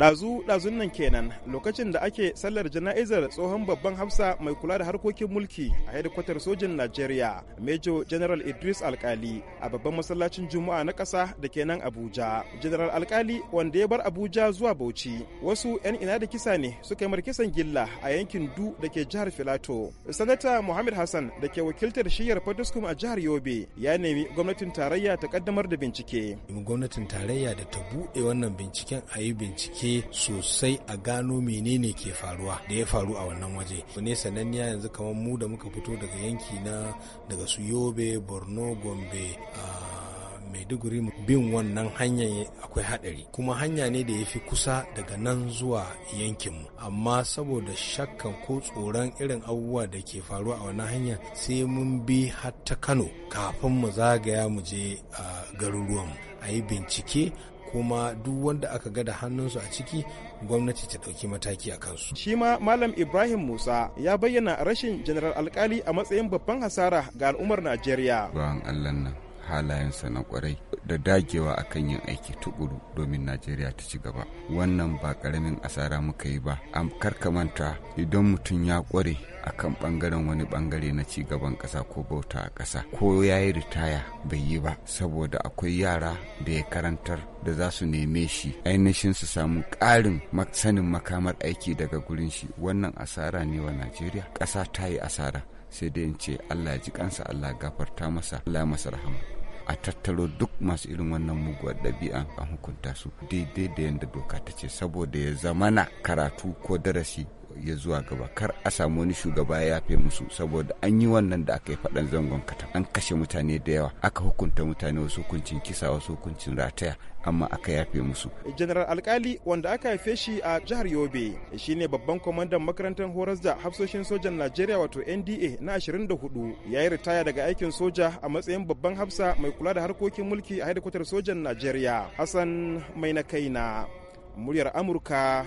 dazu ɗazun nan kenan lokacin da ake sallar jana'izar tsohon babban hafsa mai kula da harkokin mulki a hedikwatar sojin najeriya major general idris alkali a babban masallacin juma'a na ƙasa da kenan abuja general alkali wanda ya bar abuja zuwa bauchi wasu 'yan ina da kisa ne suka yi kisan gilla a yankin du da ke jihar filato sanata muhammad hassan da ke wakiltar shiyar fadiskum a jihar yobe ya nemi gwamnatin tarayya ta kaddamar da bincike gwamnatin tarayya da ta buɗe wannan binciken a yi bincike bincike sosai a gano menene ke faruwa da ya faru a wannan waje ne sananniya yanzu kamar mu da muka fito daga yanki na daga su yobe borno gombe maiduguri bin wannan hanyar akwai hadari kuma hanya ne da ya fi kusa daga nan zuwa yankinmu amma saboda shakkan ko tsoron irin abubuwa da ke faruwa a wannan hanyar sai mun bi har kano kafin mu zagaya mu je a garuruwanmu a yi bincike kuma duk wanda aka ga da hannunsu a ciki gwamnati ta ɗauki mataki a kansu. Shi ma Malam Ibrahim Musa ya bayyana rashin General Alkali a matsayin babban hasara ga al'ummar Najeriya. Bawan Allah nan halayensa na kwarai da dagewa a kan yin aiki tukuru domin najeriya ta ci gaba wannan ba karamin asara muka yi ba an karkamanta idan mutum ya kware a kan bangaren wani bangare na ci gaban kasa ko bauta a kasa ko ya yi ritaya bai yi ba saboda akwai yara da ya karantar da za su neme shi ainihin su samu ƙarin sanin makamar aiki daga gurin shi wannan asara ne wa najeriya ƙasa ta yi asara sai dai in ce allah ji kansa allah gafarta masa allah masa rahama a tattaro duk masu irin wannan muguwar ɗabi'a a hukunta su daidai da yadda doka ta ce saboda ya zamana karatu ko darasi ya zuwa gaba kar a samu wani shugaba ya yafe musu saboda an yi wannan da aka yi faɗan zangon kata an kashe mutane da yawa aka hukunta mutane wasu hukuncin kisa wasu hukuncin rataya amma aka yafe musu. General Alkali wanda aka haife shi a jihar Yobe shi ne babban kwamandan makarantar horas da hafsoshin sojan Najeriya wato NDA na 24 ya yi ritaya daga aikin soja a matsayin babban hafsa mai kula da harkokin mulki a hedikwatar sojan Najeriya. Hassan mai na kaina muryar Amurka